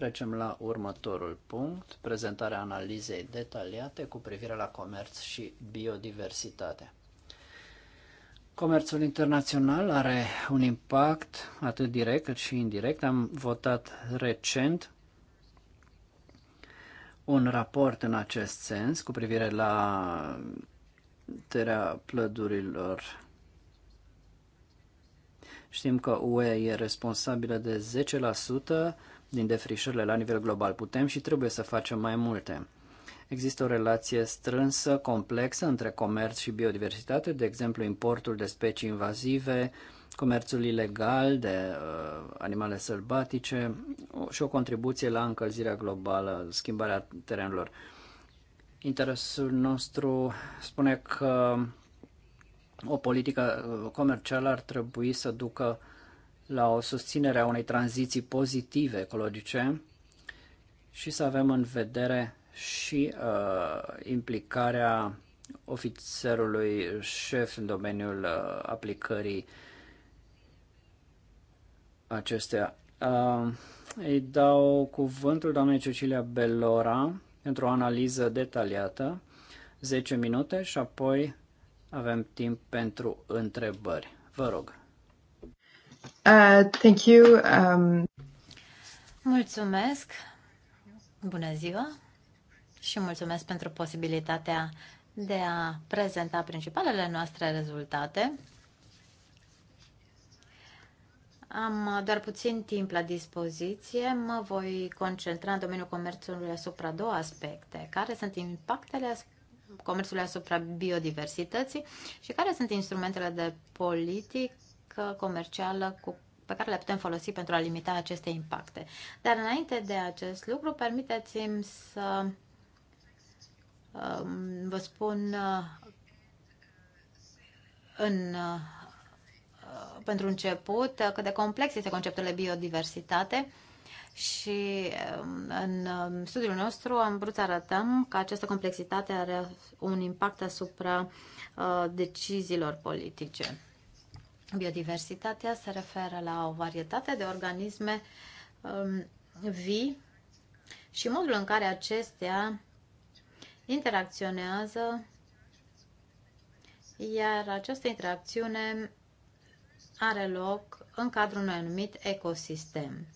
Trecem la următorul punct, prezentarea analizei detaliate cu privire la comerț și biodiversitate. Comerțul internațional are un impact atât direct cât și indirect. Am votat recent un raport în acest sens cu privire la terea plădurilor. Știm că UE e responsabilă de 10% din defrișările la nivel global. Putem și trebuie să facem mai multe. Există o relație strânsă, complexă între comerț și biodiversitate, de exemplu importul de specii invazive, comerțul ilegal de uh, animale sălbatice și o contribuție la încălzirea globală, schimbarea terenurilor. Interesul nostru spune că o politică uh, comercială ar trebui să ducă la o susținere a unei tranziții pozitive ecologice și să avem în vedere și uh, implicarea ofițerului șef în domeniul uh, aplicării acestea. Uh, îi dau cuvântul doamnei Cecilia Bellora pentru o analiză detaliată, 10 minute și apoi avem timp pentru întrebări. Vă rog. Uh, thank you. Um... Mulțumesc. Bună ziua și mulțumesc pentru posibilitatea de a prezenta principalele noastre rezultate. Am doar puțin timp la dispoziție. Mă voi concentra în domeniul comerțului asupra două aspecte. Care sunt impactele comerțului asupra biodiversității și care sunt instrumentele de politică comercială cu pe care le putem folosi pentru a limita aceste impacte. Dar înainte de acest lucru, permiteți-mi să um, vă spun uh, în, uh, pentru început uh, cât de complex este conceptul de biodiversitate și um, în um, studiul nostru am vrut să arătăm că această complexitate are un impact asupra deciziilor politice. Biodiversitatea se referă la o varietate de organisme um, vii și modul în care acestea interacționează, iar această interacțiune are loc în cadrul unui anumit ecosistem.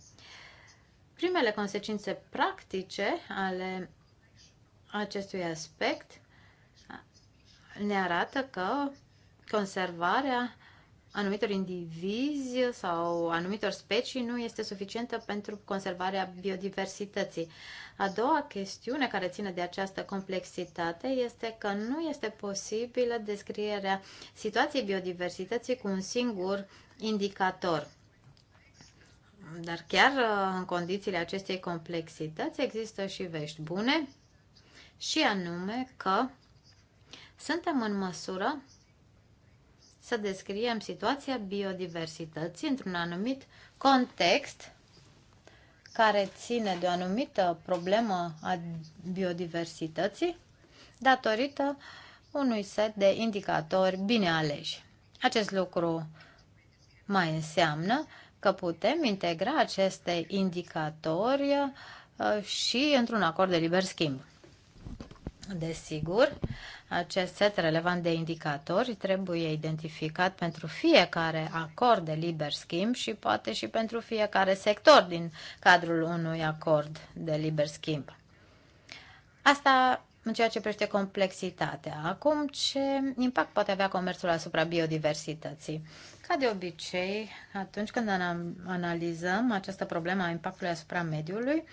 Primele consecințe practice ale acestui aspect ne arată că conservarea anumitor indivizi sau anumitor specii nu este suficientă pentru conservarea biodiversității. A doua chestiune care ține de această complexitate este că nu este posibilă descrierea situației biodiversității cu un singur indicator. Dar chiar uh, în condițiile acestei complexități există și vești bune, și anume că suntem în măsură să descriem situația biodiversității într-un anumit context care ține de o anumită problemă a biodiversității datorită unui set de indicatori bine aleși. Acest lucru mai înseamnă că putem integra aceste indicatori uh, și într-un acord de liber schimb. Desigur, acest set relevant de indicatori trebuie identificat pentru fiecare acord de liber schimb și poate și pentru fiecare sector din cadrul unui acord de liber schimb. Asta în ceea ce privește complexitatea. Acum, ce impact poate avea comerțul asupra biodiversității? Ca de obicei, atunci când analizăm această problemă a impactului asupra mediului,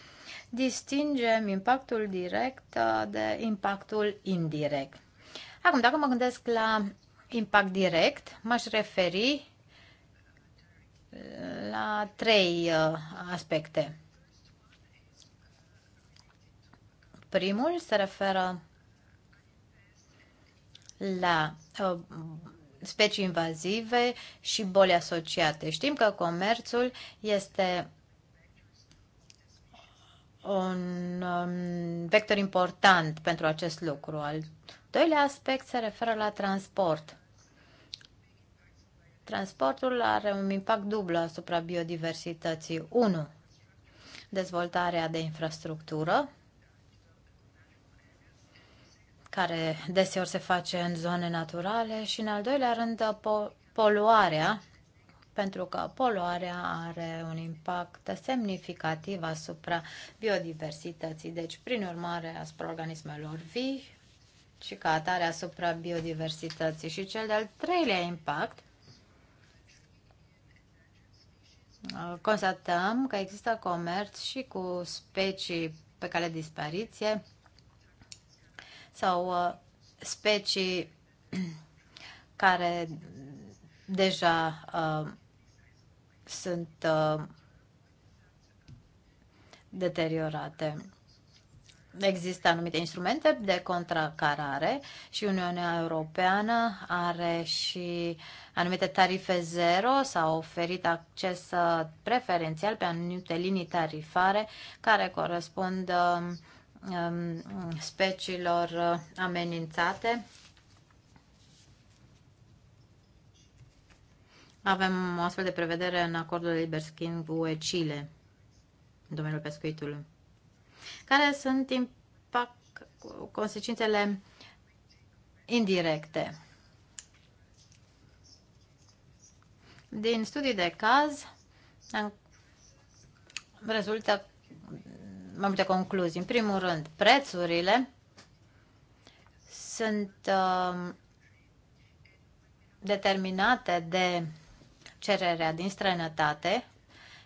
distingem impactul direct uh, de impactul indirect. Acum, dacă mă gândesc la impact direct, m-aș referi uh, la trei uh, aspecte. Primul se referă la specii invazive și boli asociate. Știm că comerțul este un um, vector important pentru acest lucru. Al doilea aspect se referă la transport. Transportul are un impact dublu asupra biodiversității. 1. Dezvoltarea de infrastructură, care deseori se face în zone naturale și, în al doilea rând, poluarea pentru că poluarea are un impact semnificativ asupra biodiversității, deci prin urmare asupra organismelor vii și ca atare asupra biodiversității. Și cel de-al treilea impact constatăm că există comerț și cu specii pe cale de dispariție sau uh, specii care deja uh, sunt uh, deteriorate. Există anumite instrumente de contracarare și Uniunea Europeană are și anumite tarife zero, s oferit acces uh, preferențial pe anumite linii tarifare care corespund um, um, speciilor uh, amenințate Avem o astfel de prevedere în acordul de liber schimb UE-Chile, în domeniul pescuitului. Care sunt impact, consecințele indirecte? Din studii de caz rezultă mai multe concluzii. În primul rând, prețurile sunt uh, determinate de cererea din străinătate,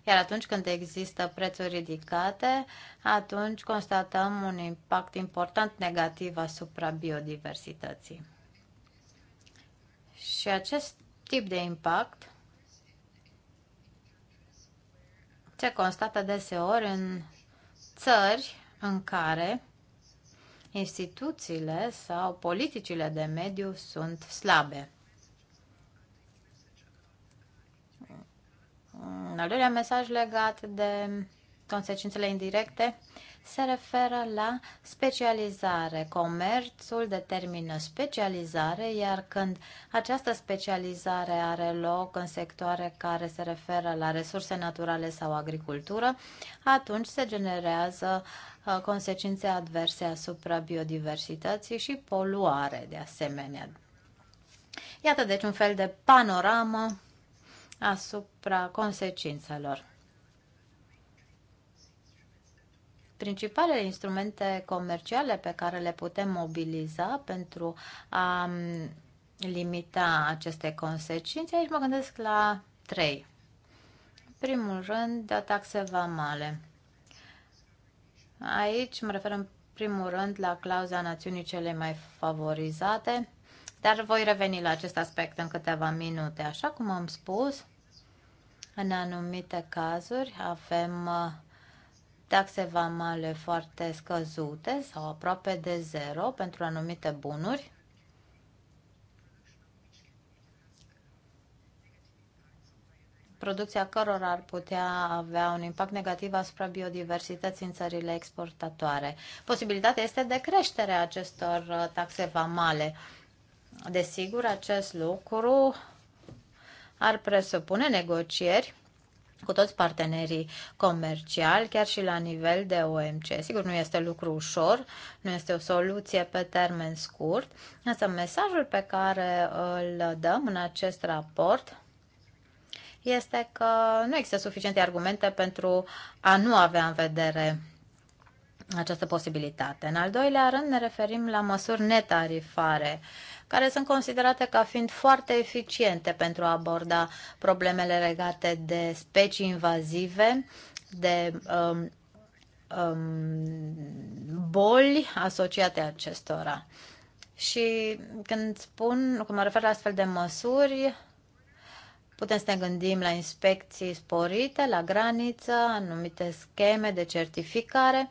iar atunci când există prețuri ridicate, atunci constatăm un impact important negativ asupra biodiversității. Și acest tip de impact se constată deseori în țări în care instituțiile sau politicile de mediu sunt slabe. În al doilea mesaj legat de consecințele indirecte se referă la specializare. Comerțul determină specializare, iar când această specializare are loc în sectoare care se referă la resurse naturale sau agricultură, atunci se generează uh, consecințe adverse asupra biodiversității și poluare de asemenea. Iată deci un fel de panoramă asupra consecințelor. Principalele instrumente comerciale pe care le putem mobiliza pentru a limita aceste consecințe, aici mă gândesc la trei. În primul rând, taxe vamale. Aici mă refer în primul rând la clauza națiunii cele mai favorizate, dar voi reveni la acest aspect în câteva minute. Așa cum am spus, în anumite cazuri avem uh, taxe vamale foarte scăzute sau aproape de zero pentru anumite bunuri. producția cărora ar putea avea un impact negativ asupra biodiversității în țările exportatoare. Posibilitatea este de creștere a acestor uh, taxe vamale. Desigur, acest lucru ar presupune negocieri cu toți partenerii comerciali, chiar și la nivel de OMC. Sigur, nu este lucru ușor, nu este o soluție pe termen scurt, însă mesajul pe care îl dăm în acest raport este că nu există suficiente argumente pentru a nu avea în vedere această posibilitate. În al doilea rând ne referim la măsuri netarifare care sunt considerate ca fiind foarte eficiente pentru a aborda problemele legate de specii invazive, de um, um, boli asociate acestora. Și când spun, când mă refer la astfel de măsuri, Putem să ne gândim la inspecții sporite, la graniță, anumite scheme de certificare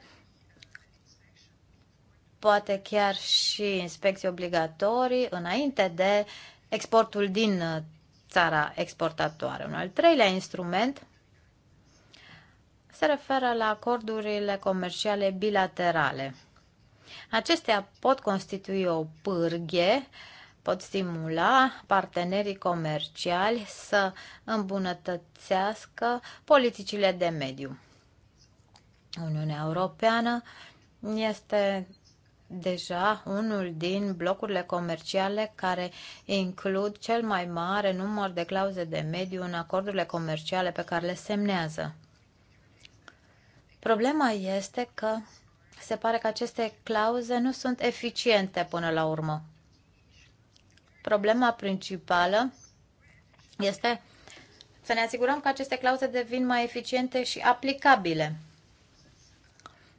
poate chiar și inspecții obligatorii înainte de exportul din uh, țara exportatoare. Un al treilea instrument se referă la acordurile comerciale bilaterale. Acestea pot constitui o pârghie, pot stimula partenerii comerciali să îmbunătățească politicile de mediu. Uniunea Europeană este deja unul din blocurile comerciale care includ cel mai mare număr de clauze de mediu în acordurile comerciale pe care le semnează. Problema este că se pare că aceste clauze nu sunt eficiente până la urmă. Problema principală este să ne asigurăm că aceste clauze devin mai eficiente și aplicabile.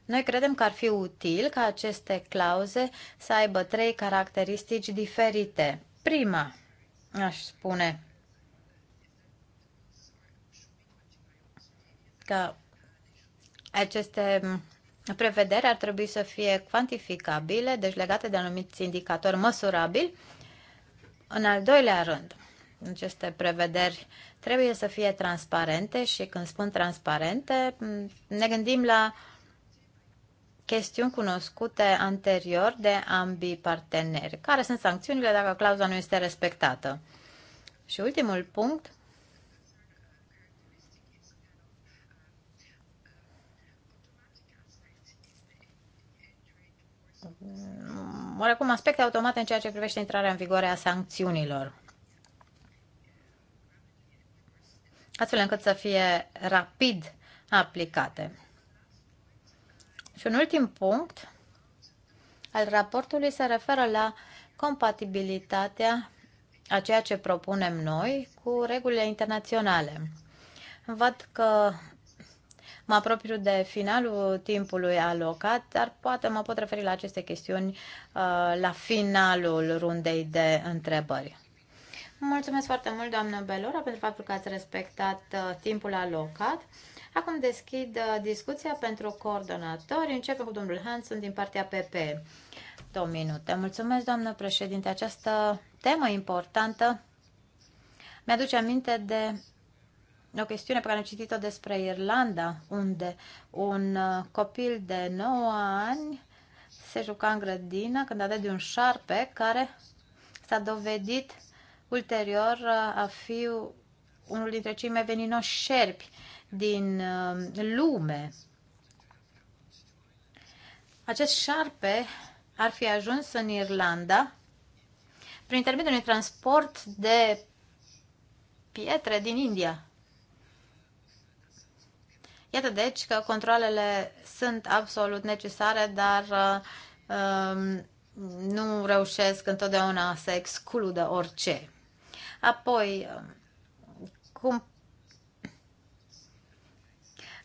Noi credem că ar fi util ca aceste clauze să aibă trei caracteristici diferite. Prima, aș spune, că aceste prevederi ar trebui să fie cuantificabile, deci legate de anumiți indicatori măsurabili. În al doilea rând, aceste prevederi trebuie să fie transparente și când spun transparente, ne gândim la uh, chestiuni cunoscute anterior de ambii parteneri. Care sunt sancțiunile dacă clauza nu este respectată? Și ultimul punct. Oarecum aspecte automate în ceea ce privește intrarea în vigoare a sancțiunilor. Astfel încât să fie rapid aplicate. Și un ultim punct al raportului se referă la compatibilitatea a ceea ce propunem noi cu regulile internaționale. Văd că mă apropiu de finalul timpului alocat, dar poate mă pot referi la aceste chestiuni uh, la finalul rundei de întrebări. Mulțumesc foarte mult, doamnă Belora, pentru faptul că ați respectat uh, timpul alocat. Acum deschid uh, discuția pentru coordonatori. Începe cu domnul Hansen din partea PP. Două minute. Mulțumesc, doamnă președinte. Această temă importantă mi-aduce aminte de o chestiune pe care am citit-o despre Irlanda, unde un uh, copil de 9 ani se juca în grădină când a dat de un șarpe care s-a dovedit ulterior uh, a fi unul dintre cei mai veninoși șerpi din uh, lume. Acest șarpe ar fi ajuns în Irlanda prin intermediul unui transport de pietre din India. Iată deci că controlele sunt absolut necesare, dar uh, um, nu reușesc întotdeauna să excludă orice. Apoi, um, cum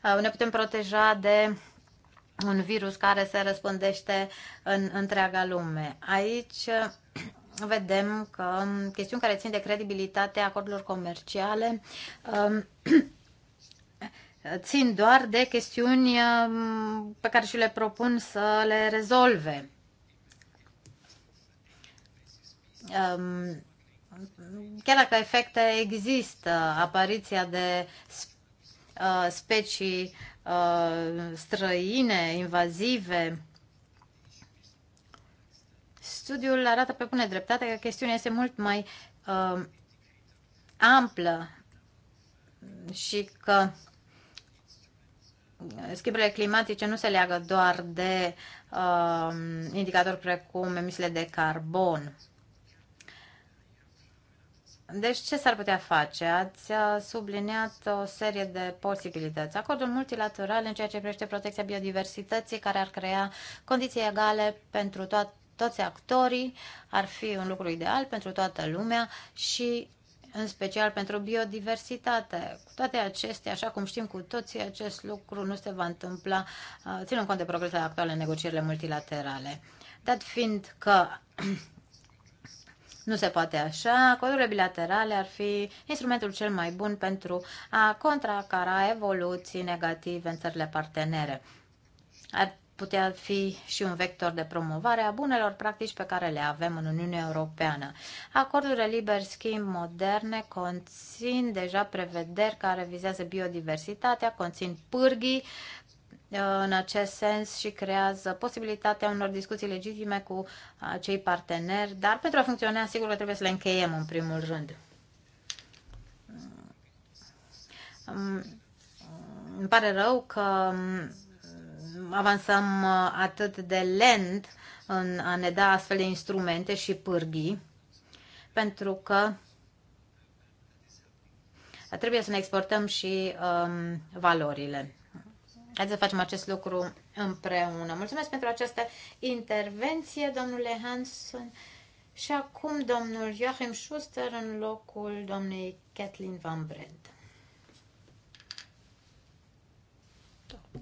uh, ne putem proteja de un virus care se răspândește în întreaga lume. Aici uh, vedem că um, chestiuni care țin de credibilitatea acordurilor comerciale um, țin doar de chestiuni pe care și le propun să le rezolve chiar dacă efecte există, apariția de uh, specii uh, străine, invazive, studiul arată pe bune dreptate că chestiunea este mult mai uh, amplă și că schimbările climatice nu se leagă doar de uh, indicatori precum emisiile de carbon. Deci ce s-ar putea face? Ați uh, subliniat o serie de posibilități. Acordul multilateral în ceea ce privește protecția biodiversității care ar crea condiții egale pentru to- toți actorii ar fi un lucru ideal pentru toată lumea și în special pentru biodiversitate. Cu toate acestea, așa cum știm cu toții, acest lucru nu se va întâmpla uh, ținând cont de progresele actuale în negocierile multilaterale. Dat fiind că nu se poate așa. Acordurile bilaterale ar fi instrumentul cel mai bun pentru a contracara evoluții negative în țările partenere. Ar putea fi și un vector de promovare a bunelor practici pe care le avem în Uniunea Europeană. Acordurile liber schimb moderne conțin deja prevederi care vizează biodiversitatea, conțin pârghii Uh, în acest sens și creează posibilitatea unor discuții legitime cu uh, cei parteneri, dar pentru a funcționa, sigur că trebuie să le încheiem în primul rând. Mm, mm, îmi pare rău că mm, avansăm uh, atât de lent în a ne da astfel de instrumente și pârghii, pentru că trebuie să ne exportăm și um, valorile. Haideți să facem acest lucru împreună. Mulțumesc pentru această intervenție, domnule Hanson. Și acum domnul Joachim Schuster în locul domnei Kathleen Van Brent.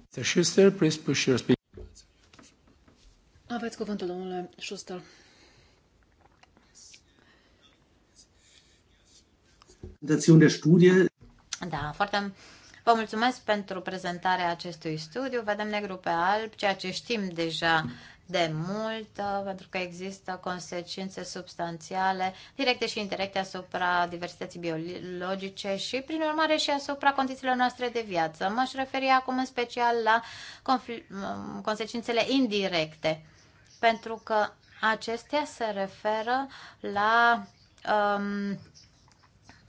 Schuster, please push your speaker. Aveți cuvântul, domnule Schuster. Präsentation der Studie. Da, foarte Vă mulțumesc pentru prezentarea acestui studiu. Vedem negru pe alb, ceea ce știm deja de mult, uh, pentru că există consecințe substanțiale, directe și indirecte, asupra diversității biologice și, prin urmare, și asupra condițiilor noastre de viață. M-aș referi acum în special la consecințele indirecte, pentru că acestea se referă la um,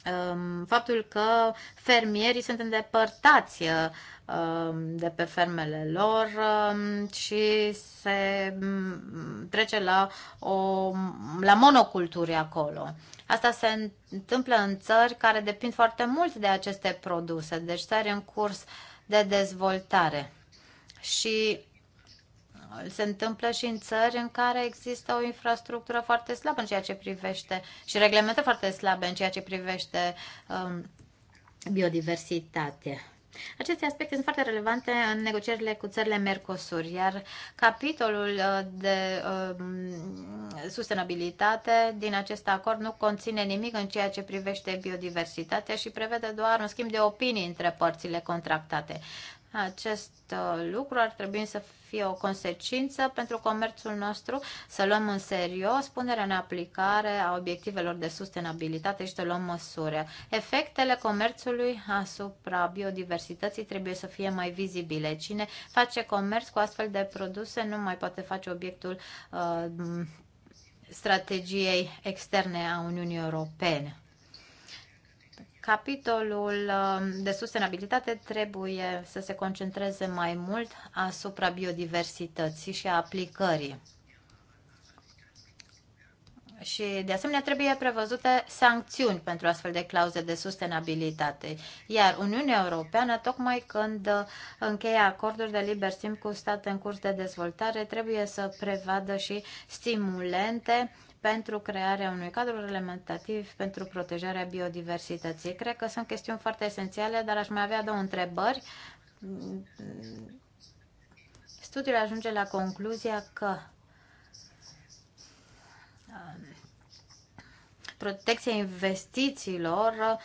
Um, faptul că fermierii sunt îndepărtați um, de pe fermele lor um, și se mm, trece la, o, la monoculturi acolo. Asta se întâmplă în țări care depind foarte mult de aceste produse, deci țări în curs de dezvoltare. Și se întâmplă și în țări în care există o infrastructură foarte slabă în ceea ce privește și reglemente foarte slabe în ceea ce privește um, biodiversitatea. Aceste aspecte sunt foarte relevante în negocierile cu țările Mercosur, iar capitolul uh, de um, sustenabilitate din acest acord nu conține nimic în ceea ce privește biodiversitatea și prevede doar un schimb de opinii între părțile contractate. Acest uh, lucru ar trebui să fie o consecință pentru comerțul nostru, să luăm în serios punerea în aplicare a obiectivelor de sustenabilitate și să luăm măsuri. Efectele comerțului asupra biodiversității trebuie să fie mai vizibile. Cine face comerț cu astfel de produse nu mai poate face obiectul uh, strategiei externe a Uniunii Europene. Capitolul um, de sustenabilitate trebuie să se concentreze mai mult asupra biodiversității și a aplicării. Și, de asemenea, trebuie prevăzute sancțiuni pentru astfel de clauze de sustenabilitate. Iar Uniunea Europeană, tocmai când încheie acorduri de liber schimb cu state în curs de dezvoltare, trebuie să prevadă și stimulente pentru crearea unui cadru reglementativ pentru protejarea biodiversității. Cred că sunt chestiuni foarte esențiale, dar aș mai avea două întrebări. Studiul ajunge la concluzia că um, protecția investițiilor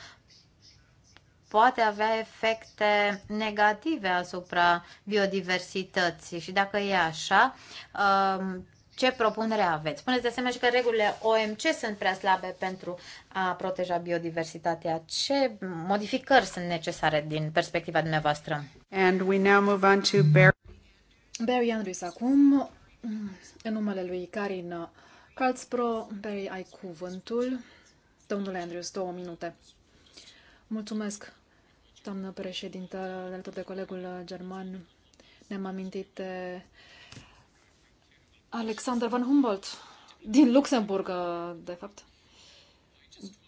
poate avea efecte negative asupra biodiversității și dacă e așa, um, ce propunere aveți? Spuneți de asemenea și că regulile OMC sunt prea slabe pentru a proteja biodiversitatea. Ce modificări sunt necesare din perspectiva dumneavoastră? And we now move on to Barry. Barry Andrews acum, în numele lui Karin Calțpro. Barry, ai cuvântul. Domnule Andrews, două minute. Mulțumesc, doamnă președintă, alături de colegul german. Ne-am amintit de Alexander von Humboldt din Luxemburg, uh, de fapt.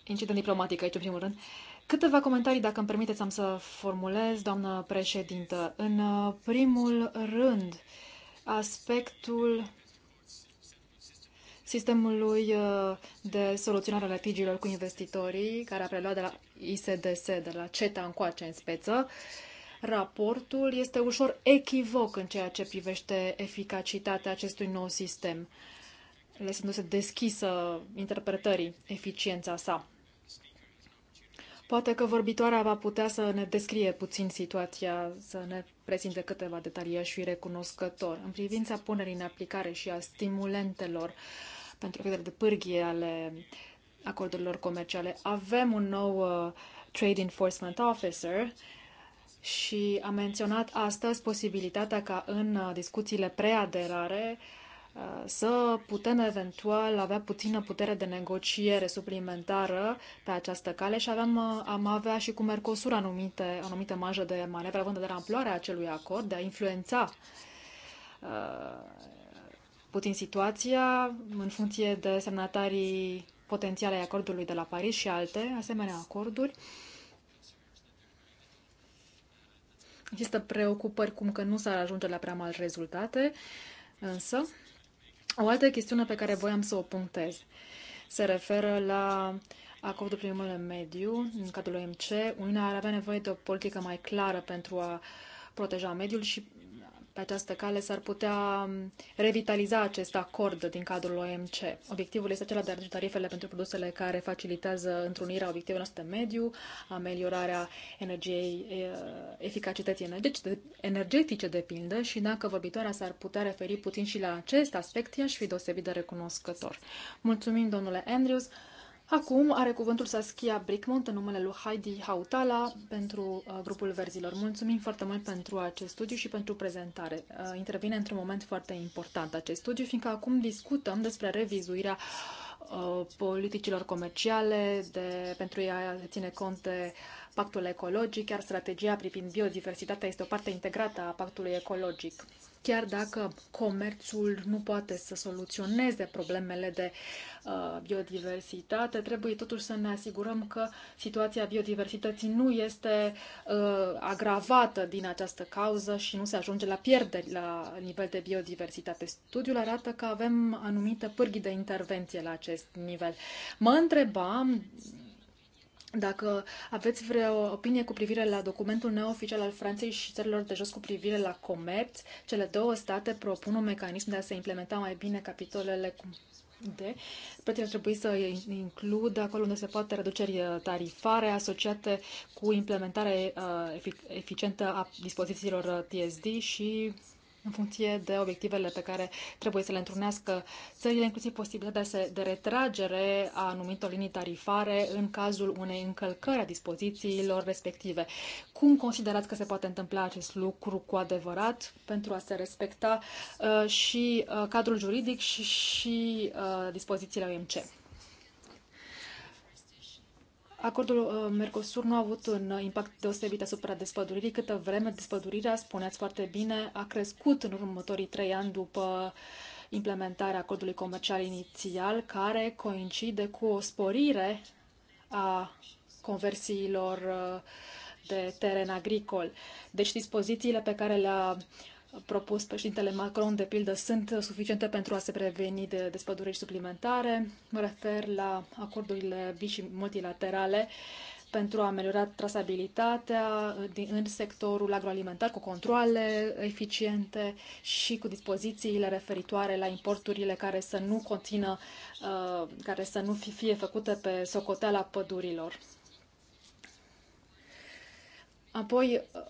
Incident diplomatic aici, în primul rând. Câteva comentarii, dacă îmi permiteți, am să formulez, doamnă președintă. În uh, primul rând, aspectul sistemului uh, de soluționare a litigiilor cu investitorii, care a preluat de la ISDS, de la CETA încoace în speță. Uh, Raportul este ușor echivoc în ceea ce privește eficacitatea acestui nou sistem, lăsându-se deschisă interpretării eficiența sa. Poate că vorbitoarea va putea să ne descrie puțin situația, să ne prezinte câteva detalii și recunoscător. În privința punerii în aplicare și a stimulentelor pentru credere de pârghie ale acordurilor comerciale, avem un nou uh, Trade Enforcement Officer și a menționat astăzi posibilitatea ca în uh, discuțiile preaderare uh, să putem eventual avea puțină putere de negociere suplimentară pe această cale și aveam, uh, am avea și cu Mercosur anumite, anumite marjă de manevră, având de amploarea acelui acord, de a influența uh, puțin situația în funcție de semnatarii potențiale ai acordului de la Paris și alte asemenea acorduri. Uh, Există preocupări cum că nu s-ar ajunge la prea mari rezultate, însă o altă chestiune pe care voiam să o punctez se referă la acordul primului mediu în cadrul OMC. Uniunea ar avea nevoie de o politică mai clară pentru a proteja mediul și pe această cale s-ar putea um, revitaliza acest acord din cadrul OMC. Obiectivul este acela de a reduce tarifele pentru produsele care facilitează întrunirea obiectivelor noastre de mediu, ameliorarea energiei, eficacității energetice, de pildă și dacă vorbitoarea s-ar putea referi puțin și la acest aspect, i-aș fi deosebit de recunoscător. Mulțumim, domnule Andrews. Acum are cuvântul Saskia Brickmont în numele lui Heidi Hautala pentru uh, grupul verzilor. Mulțumim foarte mult pentru acest studiu și pentru prezentare. Uh, intervine într-un moment foarte important acest studiu, fiindcă acum discutăm despre revizuirea uh, politicilor comerciale de, pentru a ține cont de pactul ecologic, iar strategia privind biodiversitatea este o parte integrată a pactului ecologic chiar dacă comerțul nu poate să soluționeze problemele de uh, biodiversitate, trebuie totuși să ne asigurăm că situația biodiversității nu este uh, agravată din această cauză și nu se ajunge la pierderi la nivel de biodiversitate. Studiul arată că avem anumite pârghii de intervenție la acest nivel. Mă întrebam dacă aveți vreo opinie cu privire la documentul neoficial al Franței și țărilor de jos cu privire la comerț, cele două state propun un mecanism de a se implementa mai bine capitolele cu de plățile ar trebui să includă acolo unde se poate reduceri uh, tarifare asociate cu implementarea uh, eficientă a dispozițiilor uh, TSD și în funcție de obiectivele pe care trebuie să le întrunească țările, inclusiv posibilitatea de retragere a anumitor linii tarifare în cazul unei încălcări a dispozițiilor respective. Cum considerați că se poate întâmpla acest lucru cu adevărat pentru a se respecta uh, și uh, cadrul juridic și, și uh, dispozițiile OMC? Acordul uh, Mercosur nu a avut un uh, impact deosebit asupra despăduririi. Câtă vreme despădurirea, spuneați foarte bine, a crescut în următorii trei ani după implementarea acordului comercial inițial, care coincide cu o sporire a conversiilor uh, de teren agricol. Deci dispozițiile pe care le-a uh, propus președintele Macron, de pildă, sunt suficiente pentru a se preveni de despăduriri suplimentare. Mă refer la acordurile bi și multilaterale pentru a ameliora trasabilitatea în sectorul agroalimentar cu controle eficiente și cu dispozițiile referitoare la importurile care să nu conțină, uh, care să nu fie făcute pe socoteala pădurilor. Apoi, uh,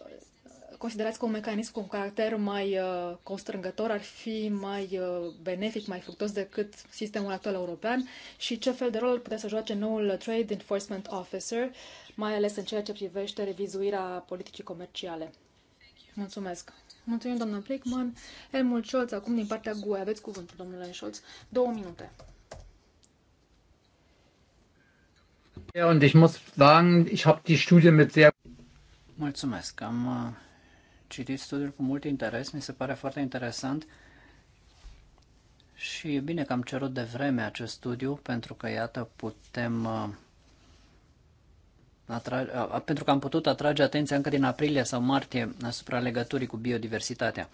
considerați că un mecanism cu un caracter mai uh, constrângător ar fi mai uh, benefic, mai fructos decât sistemul actual european și ce fel de rol ar putea să joace noul Trade Enforcement Officer, mai ales în ceea ce privește revizuirea politicii comerciale? Mulțumesc! Mulțumim, doamna Plickman. Helmut Scholz, acum din partea GUE. Aveți cuvântul, domnule Scholz. Două minute. Und ich muss sagen, ich habe die Studie mit sehr Mulțumesc. Am uh, citit studiul cu mult interes, mi se pare foarte interesant și e bine că am cerut de vreme acest studiu pentru că, iată, putem uh, atrage, uh, pentru că am putut atrage atenția încă din aprilie sau martie asupra legăturii cu biodiversitatea.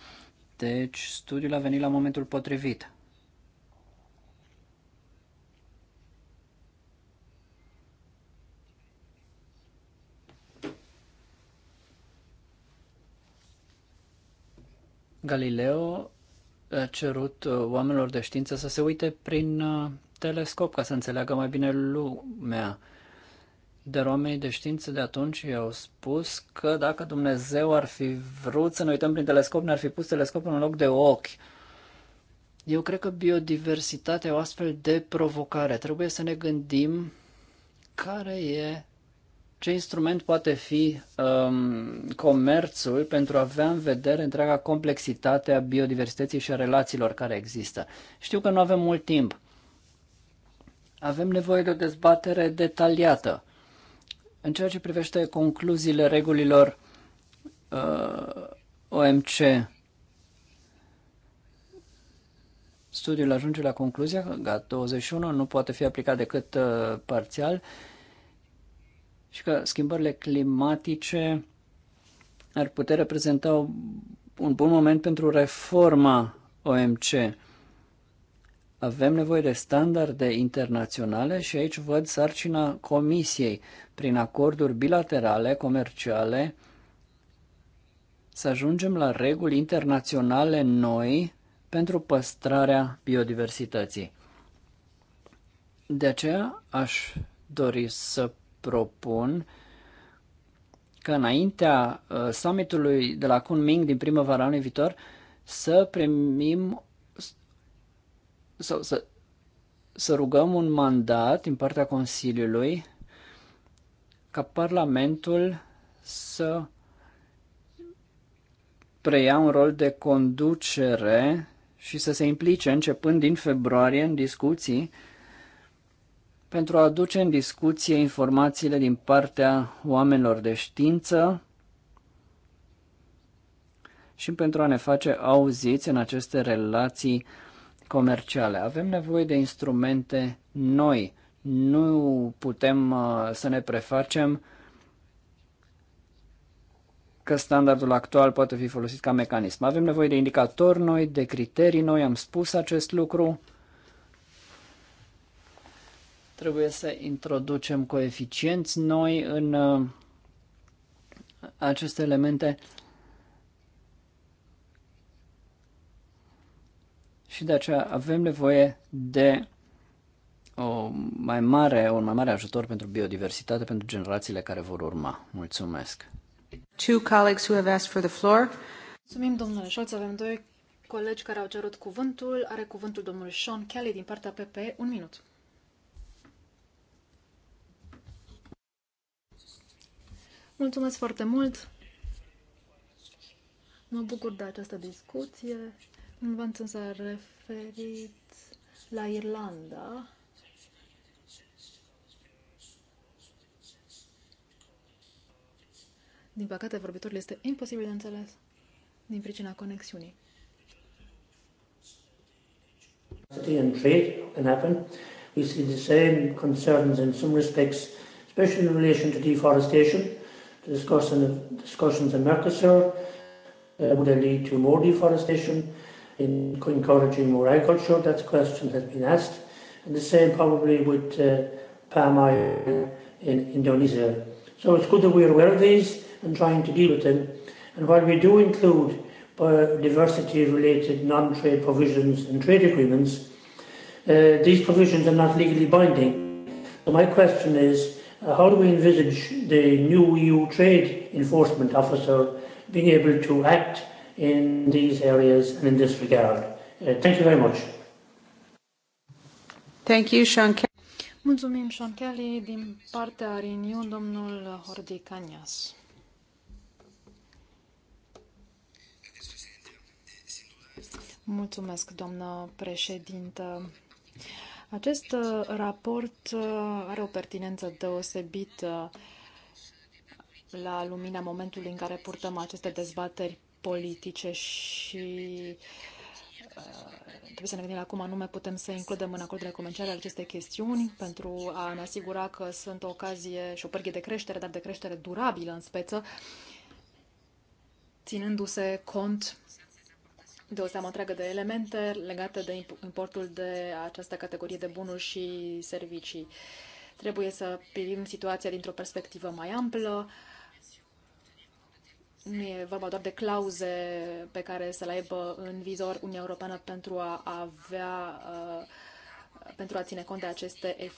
Deci, studiul a venit la momentul potrivit. Galileo a cerut uh, oamenilor de știință să se uite prin uh, telescop ca să înțeleagă mai bine lumea. Dar oamenii de știință de atunci i-au spus că dacă Dumnezeu ar fi vrut să ne uităm prin telescop, ne-ar fi pus telescopul în loc de ochi. Eu cred că biodiversitatea e o astfel de provocare. Trebuie să ne gândim care e ce instrument poate fi um, comerțul pentru a avea în vedere întreaga complexitate a biodiversității și a relațiilor care există. Știu că nu avem mult timp. Avem nevoie de o dezbatere detaliată. În ceea ce privește concluziile regulilor uh, OMC, studiul ajunge la concluzia că GAT21 nu poate fi aplicat decât uh, parțial. Uh, și că schimbările climatice ar putea reprezenta un bun moment pentru reforma OMC. Avem nevoie de standarde internaționale și aici văd sarcina Comisiei, prin acorduri bilaterale, comerciale, să ajungem la reguli internaționale noi pentru păstrarea biodiversității. De aceea aș dori să propun că înaintea uh, summitului de la Kunming din primăvara anului viitor să primim sau să, să rugăm un mandat din partea Consiliului ca Parlamentul să preia un rol de conducere și să se implice începând din februarie în discuții pentru a aduce în discuție informațiile din partea oamenilor de știință și pentru a ne face auziți în aceste relații comerciale. Avem nevoie de instrumente noi. Nu putem uh, să ne prefacem că standardul actual poate fi folosit ca mecanism. Avem nevoie de indicatori noi, de criterii noi, am spus acest lucru. Trebuie să introducem coeficienți noi în uh, aceste elemente și de aceea avem nevoie de o mai mare, un mai mare ajutor pentru biodiversitate pentru generațiile care vor urma. Mulțumesc. Two colleagues who have asked for the floor. Mulțumim, domnule Scholz. Avem doi colegi care au cerut cuvântul. Are cuvântul domnul Sean Kelly din partea PP. Un minut. Mulțumesc foarte mult! Mă bucur de această discuție. Învățăm s-a referit la Irlanda. Din păcate, vorbitorul este imposibil de înțeles din pricina conexiunii. And trade can happen. We see the same concerns in some respects, especially in relation to deforestation the discussion of, discussions in Mercosur uh, would it lead to more deforestation, in encouraging more agriculture? That's a question that's been asked. And the same probably with uh, palm oil in Indonesia. So it's good that we're aware of these and trying to deal with them. And while we do include biodiversity related non trade provisions in trade agreements, uh, these provisions are not legally binding. So my question is Uh, how do we envisage the new EU trade enforcement officer being able to act in these areas and in this regard? Uh, thank you very much. Thank you, Sean Kelly. Mulțumim, Sean Kelly. Din partea Renew, domnul Hordi Canias. Mulțumesc, doamnă președintă. Acest uh, raport uh, are o pertinență deosebită la lumina momentului în care purtăm aceste dezbateri politice și uh, trebuie să ne gândim la cum anume putem să includem în acordurile comerciale aceste chestiuni pentru a ne asigura că sunt o ocazie și o pârghie de creștere, dar de creștere durabilă în speță, ținându-se cont de o seamă întreagă de elemente legate de importul de această categorie de bunuri și servicii. Trebuie să privim situația dintr-o perspectivă mai amplă. Nu e vorba doar de clauze pe care să le aibă în vizor Uniunea Europeană pentru a avea uh, pentru a ține cont de aceste uh,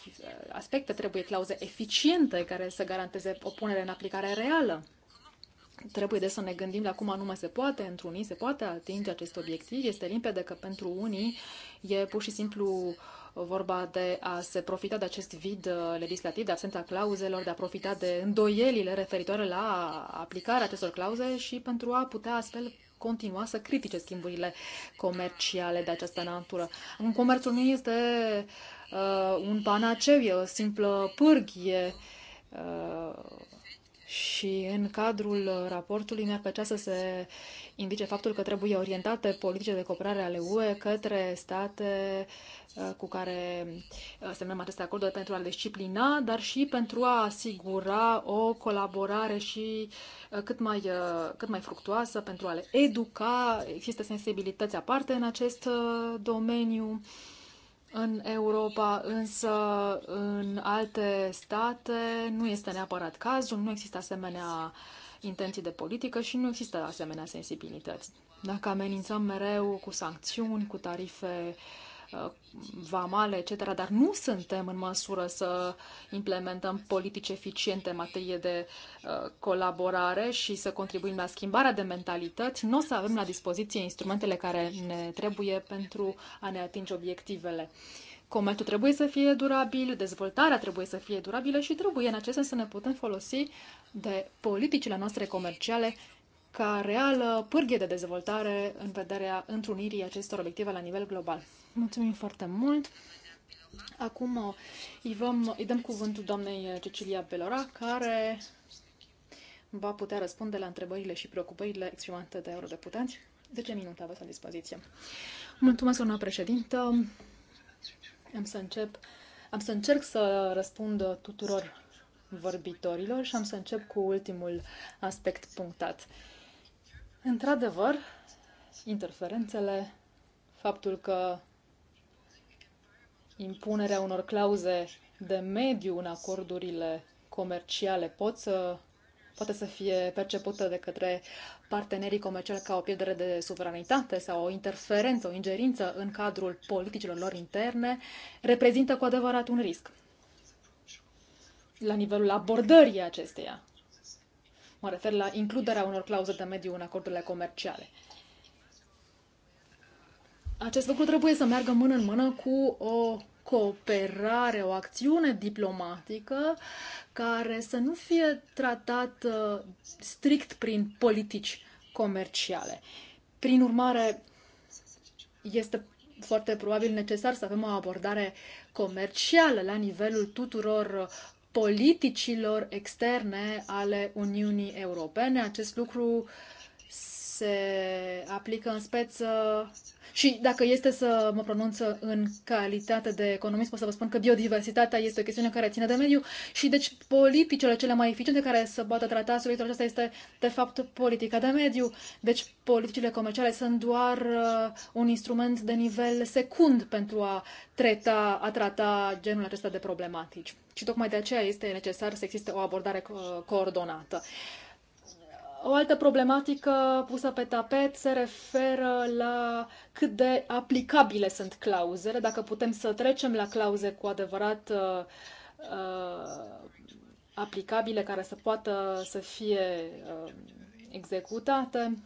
aspecte, trebuie clauze eficiente care să garanteze o punere în aplicare reală Trebuie de să ne gândim la cum anume se poate unii se poate atinge acest obiectiv. Este limpede că pentru unii e pur și simplu vorba de a se profita de acest vid uh, legislativ, de absența clauzelor, de a profita de îndoielile referitoare la aplicarea acestor clauze și pentru a putea astfel continua să critique schimburile comerciale de această natură. În comerțul nu este uh, un panaceu, e o simplă pârghie. Uh, și în cadrul raportului mi-ar plăcea să se indice faptul că trebuie orientate politice de cooperare ale UE către state uh, cu care uh, semnăm aceste acorduri pentru a le disciplina, dar și pentru a asigura o colaborare și uh, cât mai, cât mai fructuoasă, pentru a le educa. Există sensibilități aparte în acest domeniu. În Europa, însă, în alte state nu este neapărat cazul, nu există asemenea intenții de politică și nu există asemenea sensibilități. Dacă amenințăm mereu cu sancțiuni, cu tarife uh, Uh, vamale, etc., dar nu suntem în măsură să implementăm politici eficiente în materie de uh, colaborare și să contribuim la schimbarea de mentalități, nu o să avem la dispoziție instrumentele care ne trebuie pentru a ne atinge obiectivele. Comerțul trebuie să fie durabil, dezvoltarea trebuie să fie durabilă și trebuie în acest sens să ne putem folosi de politicile noastre comerciale ca reală pârghie de dezvoltare în vederea întrunirii acestor obiective la nivel global. Mulțumim foarte mult! Acum uh, îi, vom, îi dăm cuvântul doamnei uh, Cecilia Belora, care va putea răspunde la întrebările și preocupările exprimate de eurodeputați. 10 minute aveți la dispoziție. Mulțumesc, doamna președintă. Am să încep. Am să încerc să răspund tuturor vorbitorilor și am să încep cu ultimul aspect punctat. Într-adevăr, interferențele, faptul că impunerea unor clauze de mediu în acordurile comerciale pot să, poate să fie percepută de către partenerii comerciali ca o pierdere de suveranitate sau o interferență, o ingerință în cadrul politicilor lor interne, reprezintă cu adevărat un risc la nivelul abordării acesteia. Mă refer la includerea unor clauze de mediu în acordurile comerciale acest lucru trebuie să meargă mână în mână cu o cooperare, o acțiune diplomatică care să nu fie tratat strict prin politici comerciale. Prin urmare, este foarte probabil necesar să avem o abordare comercială la nivelul tuturor politicilor externe ale Uniunii Europene. Acest lucru se aplică în speță și dacă este să mă pronunț în calitate de economist, pot să vă spun că biodiversitatea este o chestiune care ține de mediu și deci politicele cele mai eficiente care să poată trata subiectul acesta este de fapt politica de mediu. Deci politicile comerciale sunt doar uh, un instrument de nivel secund pentru a trata, a trata genul acesta de problematici. Și tocmai de aceea este necesar să existe o abordare uh, coordonată. Uh, o altă problematică pusă pe tapet se referă la cât de aplicabile sunt clauzele, dacă putem să trecem la clauze cu adevărat uh, uh aplicabile care să poată să fie uh, executate.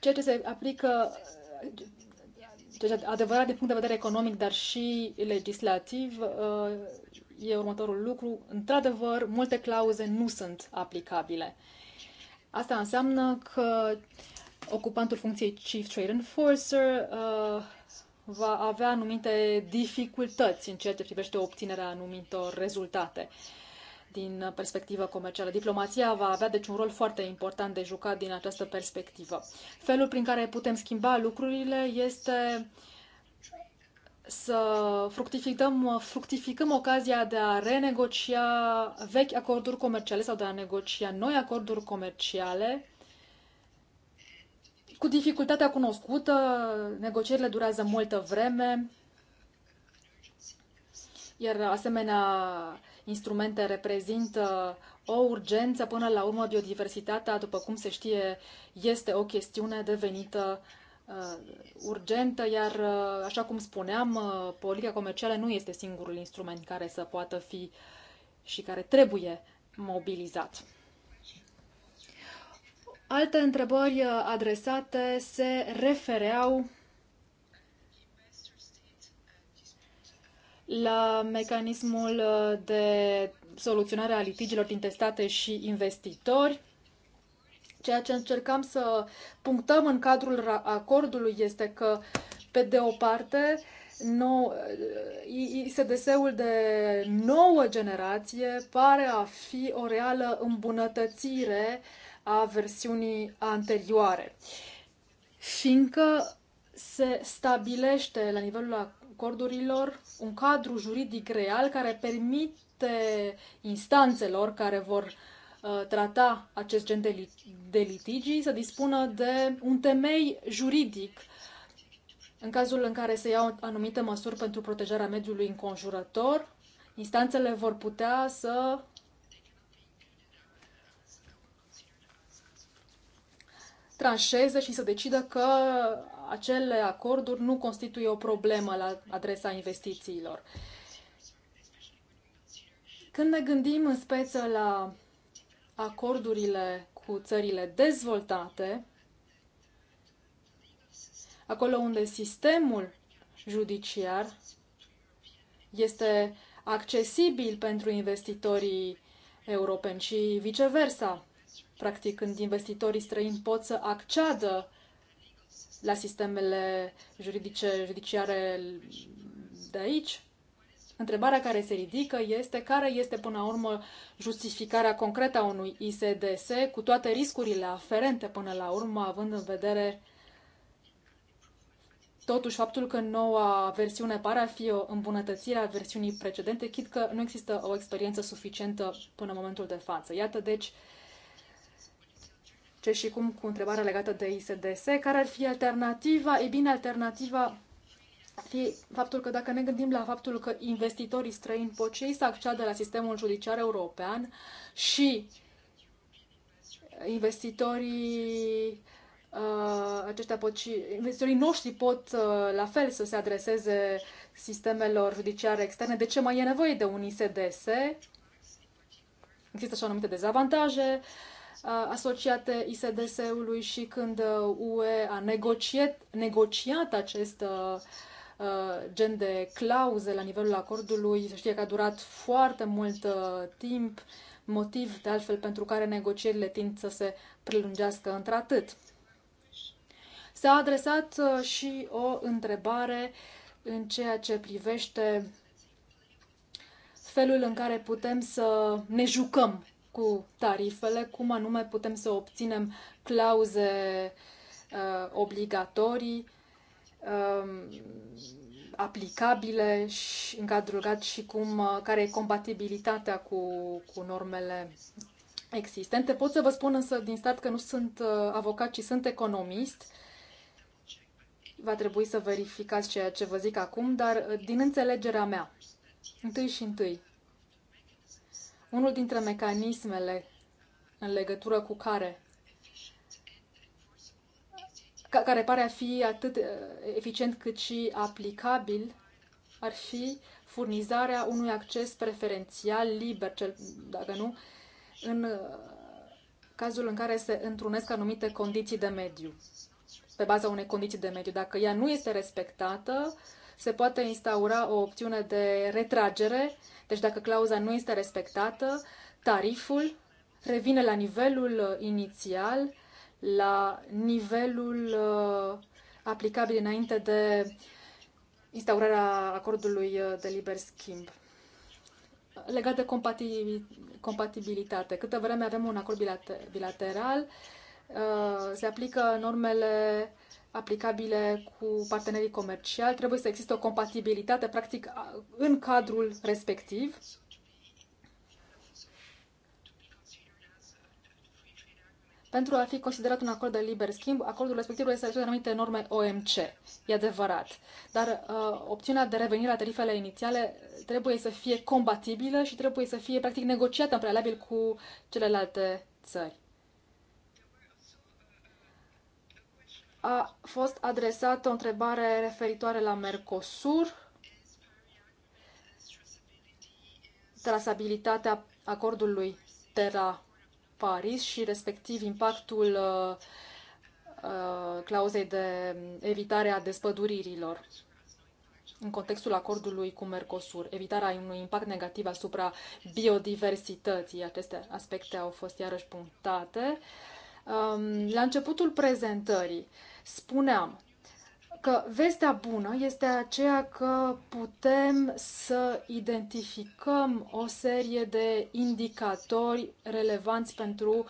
Ceea ce se aplică, adevărat din punct de vedere economic, dar și legislativ, uh, e următorul lucru. Într-adevăr, multe clauze nu sunt aplicabile. Asta înseamnă că ocupantul funcției Chief Trade Enforcer uh, va avea anumite dificultăți în ceea ce privește obținerea anumitor rezultate. Din perspectivă comercială, diplomația va avea deci un rol foarte important de jucat din această perspectivă. Felul prin care putem schimba lucrurile este uh, să fructificăm, fructificăm ocazia de a renegocia vechi acorduri comerciale sau de a negocia noi acorduri comerciale. Cu dificultatea cunoscută, negocierile durează multă vreme, iar asemenea instrumente reprezintă o urgență. Până la urmă, biodiversitatea, după cum se știe, este o chestiune devenită uh, Uh, urgentă, iar, uh, așa cum spuneam, uh, politica comercială nu este singurul instrument care să poată fi și care trebuie mobilizat. Alte întrebări adresate se refereau la mecanismul de soluționare a litigiilor dintre state și investitori Ceea ce încercam să punctăm în cadrul acordului este că, pe de o parte, nou, ISDS-ul de nouă generație pare a fi o reală îmbunătățire a versiunii anterioare, fiindcă se stabilește la nivelul acordurilor un cadru juridic real care permite instanțelor care vor Uh, trata acest gen de litigii, să dispună de un temei juridic în cazul în care se iau anumite măsuri pentru protejarea mediului înconjurător, instanțele vor putea să tranșeze și să decidă că acele acorduri nu constituie o problemă la adresa investițiilor. Când ne gândim în speță la acordurile cu țările dezvoltate, acolo unde sistemul judiciar este accesibil pentru investitorii europeni și viceversa. Practic, când investitorii străini pot să acceadă la sistemele juridice, judiciare de aici, Întrebarea care se ridică este care este până la urmă justificarea concretă a unui ISDS cu toate riscurile aferente până la urmă, având în vedere totuși faptul că noua versiune pare a fi o îmbunătățire a versiunii precedente, chid că nu există o experiență suficientă până în momentul de față. Iată deci ce și cum cu întrebarea legată de ISDS, care ar fi alternativa? E bine, alternativa fi faptul că dacă ne gândim la faptul că investitorii străini pot și să acceadă la sistemul judiciar european și investitorii uh, aceștia pot și, investitorii noștri pot uh, la fel să se adreseze sistemelor judiciare externe, de ce mai e nevoie de un ISDS? Există și anumite dezavantaje uh, asociate ISDS-ului și când UE uh, a negociat, negociat acest uh, Uh, gen de clauze la nivelul acordului. să știe că a durat foarte mult uh, timp, motiv de altfel pentru care negocierile tind să se prelungească într-atât. S-a adresat uh, și o întrebare în ceea ce privește felul în care putem să ne jucăm cu tarifele, cum anume putem să obținem clauze uh, obligatorii Um, aplicabile și în cadrul GAT și cum, uh, care e compatibilitatea cu, cu normele existente. Pot să vă spun însă din stat că nu sunt uh, avocat, ci sunt economist. Va trebui să verificați ceea ce vă zic acum, dar uh, din înțelegerea mea, întâi și întâi, unul dintre mecanismele în legătură cu care care pare a fi atât uh, eficient cât și aplicabil, ar fi furnizarea unui acces preferențial liber, cel, dacă nu, în uh, cazul în care se întrunesc anumite condiții de mediu, pe baza unei condiții de mediu. Dacă ea nu este respectată, se poate instaura o opțiune de retragere, deci dacă clauza nu este respectată, tariful revine la nivelul uh, inițial la nivelul uh, aplicabil înainte de instaurarea acordului uh, de liber schimb. Legat de compatibilitate, câtă vreme avem un acord bilateral, uh, se aplică normele aplicabile cu partenerii comerciali, trebuie să existe o compatibilitate, practic, în cadrul respectiv pentru a fi considerat un acord de liber schimb, acordul respectiv este să anumite norme OMC. E adevărat. Dar uh, opțiunea de revenire la tarifele inițiale trebuie să fie compatibilă și trebuie să fie practic negociată în prealabil cu celelalte țări. A fost adresată o întrebare referitoare la Mercosur, trasabilitatea acordului Terra Paris și respectiv impactul uh, uh, clauzei de evitare a despăduririlor în contextul acordului cu Mercosur, evitarea unui impact negativ asupra biodiversității. Aceste aspecte au fost iarăși punctate. Um, la începutul prezentării spuneam că vestea bună este aceea că putem să identificăm o serie de indicatori relevanți pentru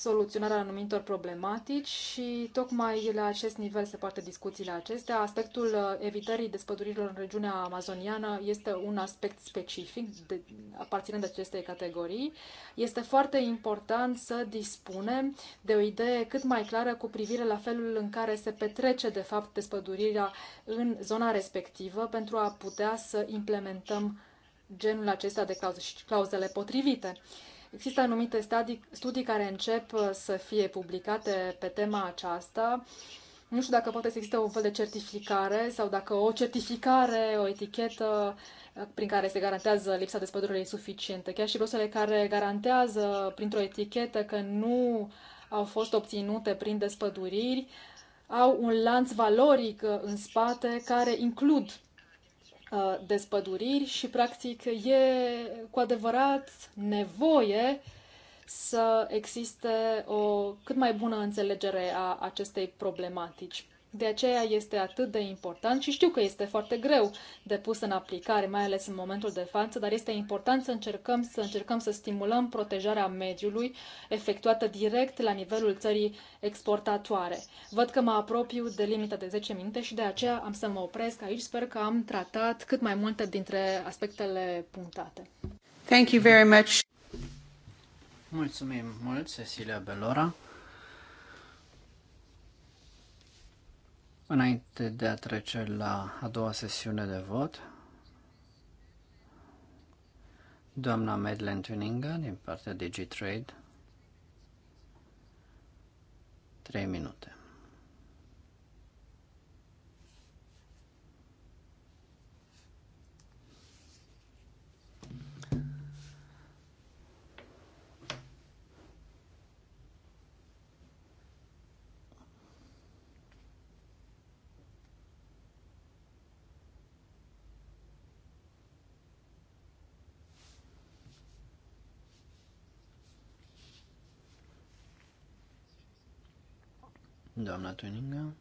soluționarea anumitor problematici și tocmai la acest nivel se poartă discuțiile acestea. Aspectul uh, evitării despăduririlor în regiunea amazoniană este un aspect specific de, aparținând acestei categorii. Este foarte important să dispunem de o idee cât mai clară cu privire la felul în care se petrece de fapt despădurirea în zona respectivă pentru a putea să implementăm genul acesta de clauze și clauzele potrivite. Uh, Există anumite studii care încep uh, să fie publicate pe tema aceasta. Nu știu dacă poate să există un fel de certificare sau dacă o certificare, o etichetă uh, prin care se garantează lipsa spădurile suficientă. Chiar și produsele care garantează printr-o etichetă că nu au fost obținute prin despăduriri au un lanț valoric uh, în spate care includ Uh, despăduriri și, practic, e cu adevărat nevoie să existe o cât mai bună înțelegere a acestei problematici. De aceea este atât de important și știu că este foarte greu de pus în aplicare, mai ales în momentul de față, dar este important să încercăm să încercăm să stimulăm protejarea mediului efectuată direct la nivelul țării exportatoare. Văd că mă apropiu de limita de 10 minute și de aceea am să mă opresc aici. Sper că am tratat cât mai multe dintre aspectele punctate. Thank you very much. Mulțumim mult, Cecilia Belora. Înainte de a trece la a doua sesiune de vot, doamna Madeleine Tuninga din partea DigiTrade, 3 minute. doamna Tuninga.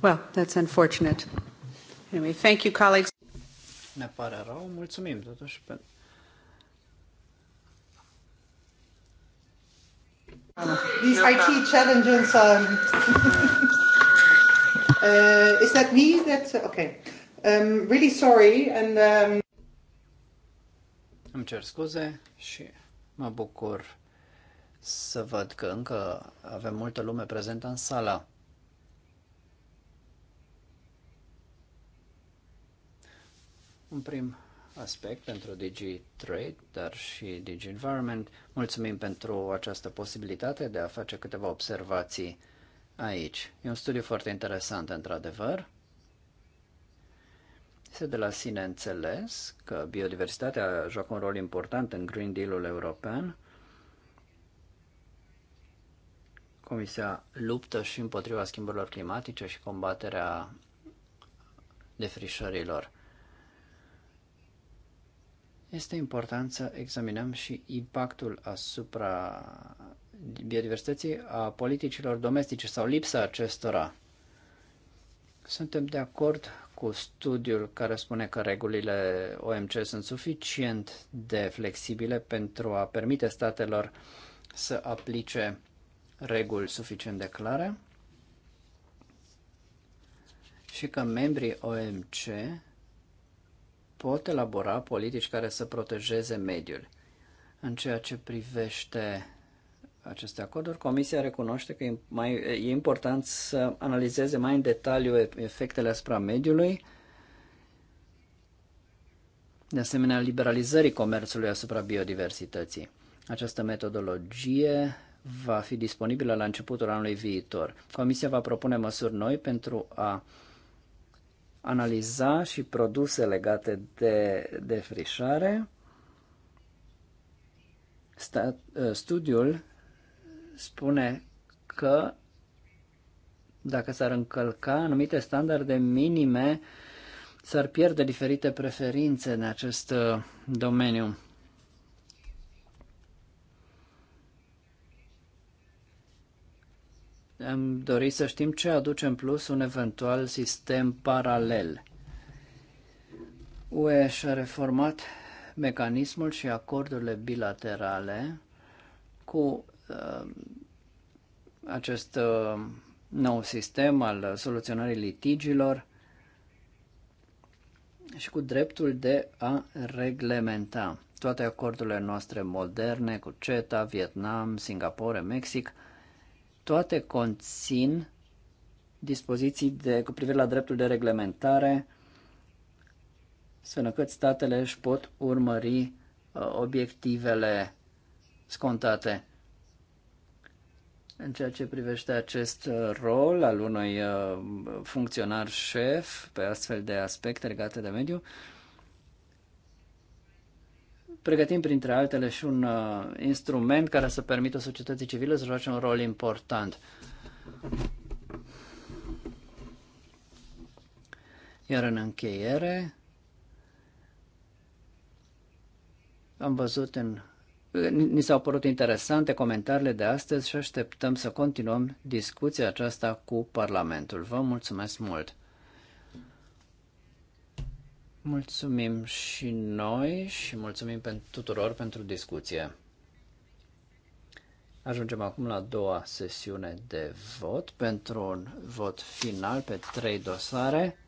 Well, that's unfortunate. Anyway, thank you, colleagues. Ne pare rău, mulțumim totuși pentru These IT challenges um, are. uh, is that me? That's okay. Um, really sorry and. Um... Îmi cer scuze și mă bucur să văd că încă avem multă lume prezentă în sala. un prim aspect pentru DG Trade, dar și DG Environment. Mulțumim pentru această posibilitate de a face câteva observații aici. E un studiu foarte interesant, într-adevăr. Este de la sine înțeles că biodiversitatea joacă un rol important în Green Deal-ul european. Comisia luptă și împotriva schimbărilor climatice și combaterea defrișărilor este important să examinăm și impactul asupra biodiversității a politicilor domestice sau lipsa acestora. Suntem de acord cu studiul care spune că regulile OMC sunt suficient de flexibile pentru a permite statelor să aplice reguli suficient de clare și că membrii OMC pot elabora politici care să protejeze mediul. În ceea ce privește aceste acorduri, Comisia recunoaște că e, mai, e important să analizeze mai în detaliu efectele asupra mediului, de asemenea liberalizării comerțului asupra biodiversității. Această metodologie va fi disponibilă la începutul anului viitor. Comisia va propune măsuri noi pentru a uh, analiza și produse legate de defrișare. Ă, studiul spune că dacă s-ar încălca anumite standarde minime, s-ar pierde diferite preferințe în acest ă, domeniu. am dorit să știm ce aduce în plus un eventual sistem paralel. UE și-a reformat mecanismul și acordurile bilaterale cu uh, acest uh, nou sistem al soluționării litigilor și cu dreptul de a reglementa. Toate acordurile noastre moderne cu CETA, Vietnam, Singapore, Mexic – toate conțin dispoziții de, cu privire la dreptul de reglementare, încât statele își pot urmări uh, obiectivele scontate. În ceea ce privește acest uh, rol al unui uh, funcționar șef pe astfel de aspecte legate de mediu, uh, Pregătim, printre altele, și un uh, instrument care să permită societății civile să joace un rol important. Iar în încheiere, am văzut în... Ni s-au părut interesante comentariile de astăzi și așteptăm să continuăm discuția aceasta cu Parlamentul. Vă mulțumesc mult! Mulțumim și noi și mulțumim pentru tuturor pentru discuție. Ajungem acum la a doua sesiune de vot pentru un vot final pe trei dosare.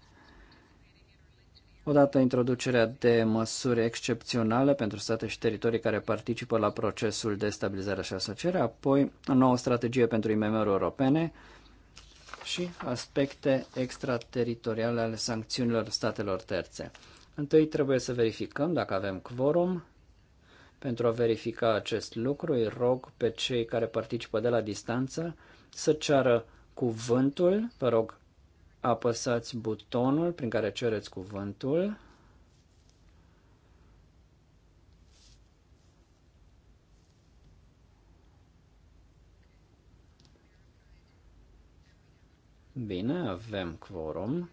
Odată introducerea de măsuri excepționale pentru state și teritorii care participă la procesul de stabilizare și asociere, apoi o nouă strategie pentru IMM-uri europene, și aspecte extrateritoriale ale sancțiunilor statelor terțe. Întâi trebuie să verificăm dacă avem quorum. Pentru a verifica acest lucru, îi rog pe cei care participă de la distanță să ceară cuvântul. Vă rog, apăsați butonul prin care cereți cuvântul. Bine, avem quorum.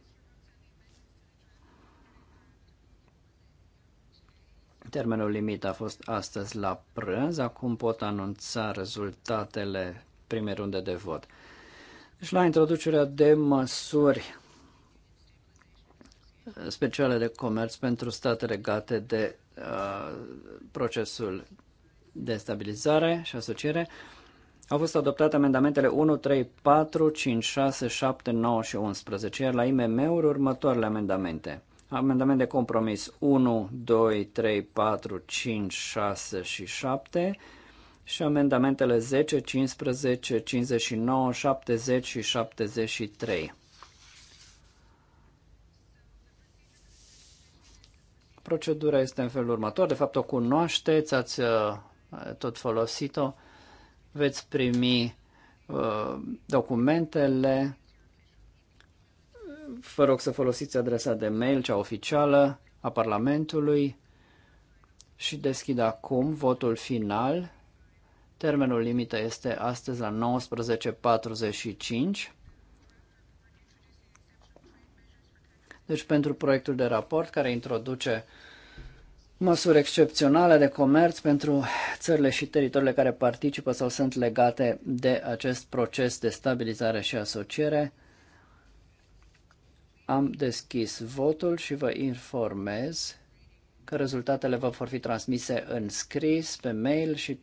Termenul limit a fost astăzi la prânz, acum pot anunța rezultatele primei runde de vot. Și deci, la introducerea de măsuri speciale de comerț pentru state legate de uh, procesul de stabilizare și asociere, uh, au fost adoptate amendamentele 1, 3, 4, 5, 6, 7, 9 și 11, iar la IMM-uri următoarele amendamente. Amendament de compromis 1, 2, 3, 4, 5, 6 și 7 și amendamentele 10, 15, 59, 70 și 73. Procedura este în felul următor, de fapt o cunoașteți, ați uh, tot folosit-o veți primi uh, documentele. Vă rog să folosiți adresa de mail, cea oficială a Parlamentului și deschid acum votul final. Termenul limită este astăzi la 19.45. Deci pentru proiectul de raport care introduce măsuri excepționale de comerț pentru țările și teritoriile care participă sau sunt legate de acest proces de stabilizare și asociere. Am deschis votul și vă informez că rezultatele vă vor fi transmise în scris, pe mail și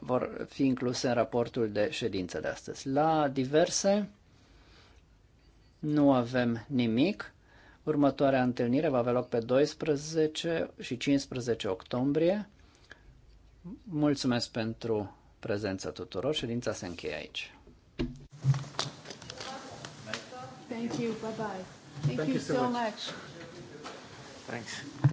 vor fi incluse în raportul de ședință de astăzi. La diverse nu avem nimic. Următoarea întâlnire va avea loc pe 12 și 15 octombrie. Mulțumesc pentru prezența tuturor. Ședința se încheie aici. Thank you. Bye bye. Thank, Thank you, you so much. much. Thanks.